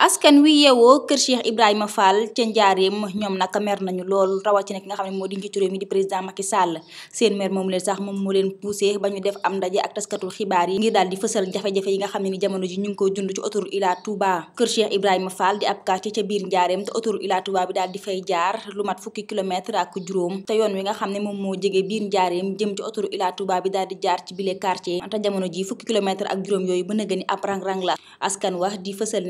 askan wi yeewoo kër Cheikh Ibrahima Fall ca Njaareem ñoom nag mer nañu lool rawatina ki nga xam ne moo di njiitu réew mi di président Macky Sall seen mer moom leen sax moom moo leen poussé ba ñu def am ndaje ak taskatul xibaar yi ngir daal di fësal jafe-jafe yi nga xam ne ni jamono ji ñu ngi ko dund ci autoroute Ila Touba kër Cheikh Ibrahima Fall di ab quartier ca biir Njaareem te autoroute bi daal di fay jaar lu mat fukki kilomètre ak juróom te yoon wi nga xam ne moom moo jege biir Njaareem jëm ci autoroute Ila Touba bi daal di jaar ci bile quartier te jamono ji fukki ak juróom yooyu bën a gën ab rang-rang la askan wax di fësal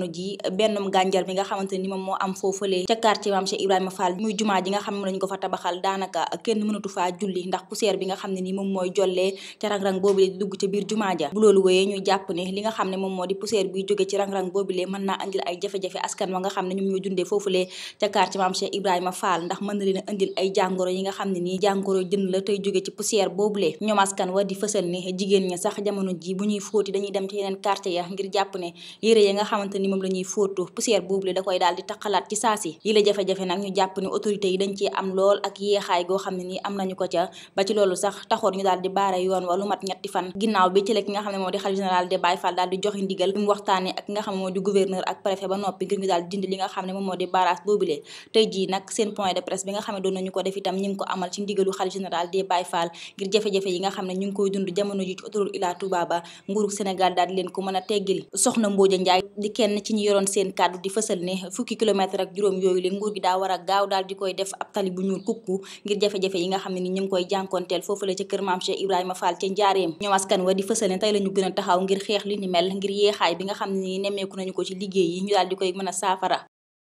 jamono ji bennum gànjar bi nga xamante ni moom moo am foofalee ca quartier maam Cheikh Ibrahima Fall muy jumaa ji nga xam ne lañ ko fa tabaxal daanaka kenn mënatu faa julli ndax poussière bi nga xam ne ni moom mooy jollee ca rang-rang boobu lee di dugg ca biir jumaa ja bu loolu wéyee ñu jàpp ne li nga xam ne moom moo di poussière biy jóge ci rang-rang boobu lee mën naa andil ay jafe-jafe askan wa nga xam ne ñoom ñoo dundee foofulee ca quartier maam Cheikh Ibrahima Fall ndax mën na leen a andil ay jàngoro yi nga xam ne nii jàngoro jën la tey jóge ci poussière boobulee ñoom askan wa di fësal ne jigéen ña sax jamono ji bu ñuy fóoti dañuy dem ci yeneen quartier ya ngir jàpp ne yére ya nga xamante ni moom la ñuy fóotu poussière boobu le da koy daal di taxalaat ci saasi lii la jafe-jafe nag ñu jàpp ni autorité yi dañ ci am lool ak yeexaay goo xam ne nii am ko ca ba ñu di baare yoon ko def itam koy dund jamono ji ci autoroute Ila Touba ba Sénégal daal leen ko mën a teggil soxna Mbodja Ndiaye di kenn ci ñi yoroon seen kàddu di fësal ne fukki kilomètre ak juróom yooyu le nguur gi daa war gaaw daal di koy def ab tali bu ñuul kukku ngir jafe-jafe yi nga xam ne ni ñu ngi koy jànkonteel foofu la ca kër maam Cheikh Ibrahima Fall ca njaareem ñoom kan wa di fësal ne tey la ñu gën a taxaw ngir xeex li ni mel ngir yeexaay bi nga xam ne ni nemmeeku nañu ko ci liggéey yi ñu daal di koy mën a saafara